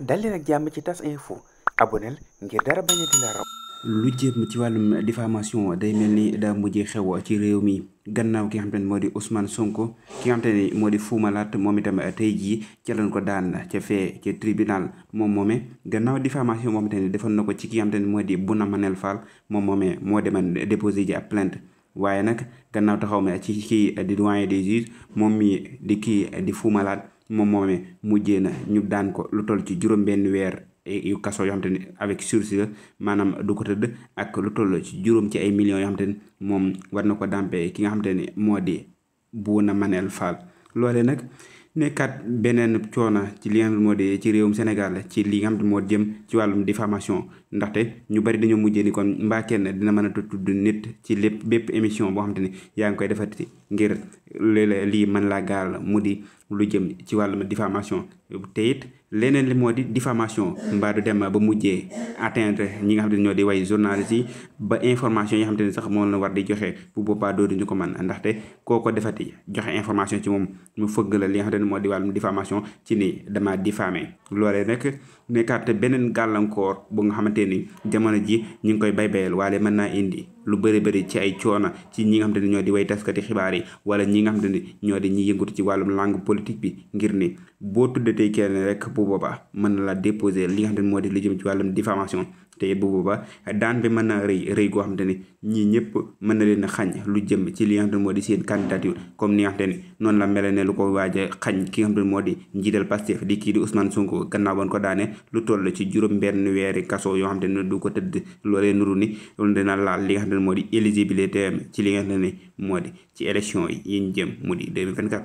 dal leen ak jàmm ci tas info aboneel ngir dara bañ a la raw lu jëm ci wàllum diffamation day mel ni daa mujjee xew ci réew mi gannaaw ki nga xamante moo di Ousmane Sonko ki moo di Fou Malade moom itam tey jii ca ko daan ca fee ca moom moomee gannaaw diffamation moom itam defoon na ko ci ki nga xamante ne moo di Bouna Manel moom moomee moo deman déposé ji ab plainte waaye nag gannaaw taxaw ma ci kii di doyen des juges moom mi di kii di Fou Malade moom moomee mujjee na ñu daan ko lu toll ci juróom-benn weer eh, yu kaso yoo xam te avec sursis la maanaam du ko tëdd ak lu toll ci juróom ci ay million yoo xam te ne moom war na ko dàmpee ki nga xam te ne moo di Bouna Manel Fall loolee nag nekkaat beneen coono ci li moo di ci réewum Sénégal ci li nga xam ne moo jëm ci wàllum diffamation ndaxte ñu bari dañoo mujjee ni kon mbaa kenn dina mën a tudd nit ci lépp bépp émission boo xam te ne yaa ngi koy defar defati ngir lii man laa gaal mu di lu jëm ci wàllum diffamation te it leneen li moo di diffamation mbaa du dem ba mujjee atteindre ñi nga xam te ne ñoo di way journaliste yi ba information yi nga xam te ne sax moom la war di joxe bu boobaa dootuñu ko mën ndaxte koo ko defati joxe information ci moom mu fëgg la li nga xam te ne moo di wàllum diffamation ci ni dama diffamé beneen gàllankoor bu nga xamante ni jamono ji ñu ngi koy baybayal waale mën naa indi lu bëri bëri ci ay coono ci ñi nga xam te ne ñoo di way taskati xibaar yi wala ñi nga xam ne ñoo di ñi yëngatu ci wàllum langue politique bi ngir ni boo tuddatee kenn rek bu boobaa mën na la déposer li nga xam ne moo di lu jëm ci wàllum diffamation diffamation te bu booba daan bi mën na rëy rëy goo xamante ne ñii ñëpp mën na leen a xañ lu jëm ci li nga xamante ne moo di seen candidature comme ni nga xamante ne noonu la mel ne lu ko waaj a xañ ki moo di njiital Pastef di kii di Ousmane Sonko gannaaw ba ko daane lu toll ci juróom benn weeri kaso yoo xamante ne du ko tëdd loolee nuru ni loolu dina laal li nga xamante moo di éligibilité ci li nga xamante ne moo di ci élection yi ñu jëm mu di 2024